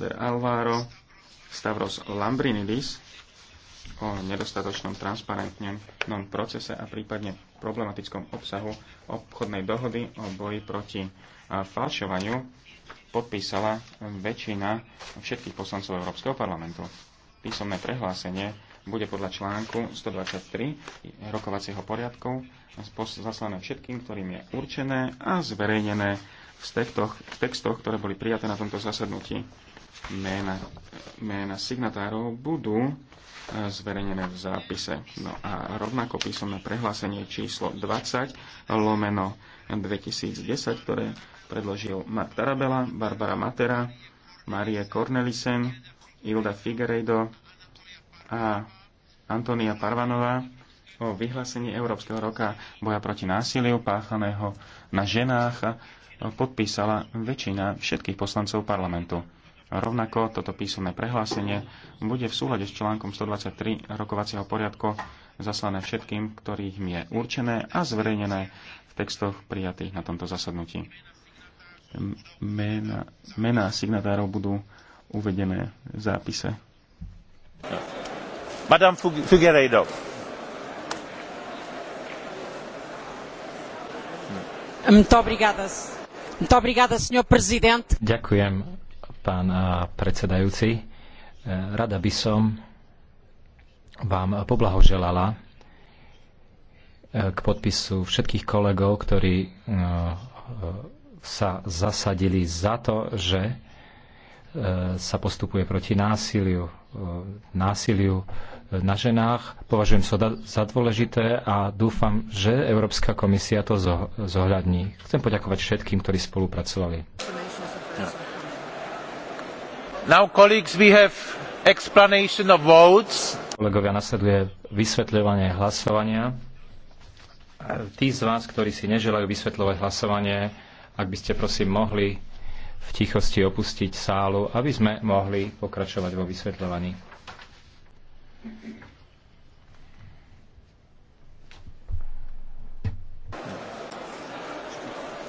de Alvaro Stavros Lambrinidis o nedostatočnom transparentnom procese a prípadne problematickom obsahu obchodnej dohody o boji proti falšovaniu podpísala väčšina všetkých poslancov Európskeho parlamentu. Písomné prehlásenie bude podľa článku 123 rokovacieho poriadku zaslané všetkým, ktorým je určené a zverejnené v textoch, v textoch ktoré boli prijaté na tomto zasadnutí. Mena, mena signatárov budú e, zverejnené v zápise. No a rovnako písomné prehlásenie číslo 20 lomeno 2010, ktoré predložil Mark Tarabela, Barbara Matera, Marie Cornelisen, Ilda Figueredo a Antonia Parvanová o vyhlásení Európskeho roka boja proti násiliu páchaného na ženách podpísala väčšina všetkých poslancov parlamentu. Rovnako toto písomné prehlásenie bude v súlade s článkom 123 rokovacieho poriadku zaslané všetkým, ktorým je určené a zverejnené v textoch prijatých na tomto zasadnutí. Mena, mená signatárov budú uvedené v zápise. Madame Figueiredo. Muito obrigada, muito obrigada, senhor presidente. Ďakujem, pán eh, predsedajúci. Eh, rada by som vám poblahoželala eh, k podpisu všetkých kolegov, ktorí sa zasadili za to, že sa postupuje proti násiliu, násiliu na ženách. Považujem sa za dôležité a dúfam, že Európska komisia to zohľadní. Chcem poďakovať všetkým, ktorí spolupracovali. Now, colleagues, we have explanation of votes. Kolegovia, nasleduje vysvetľovanie hlasovania. Tí z vás, ktorí si neželajú vysvetľovať hlasovanie, ak by ste prosím mohli v tichosti opustiť sálu, aby sme mohli pokračovať vo vysvetľovaní.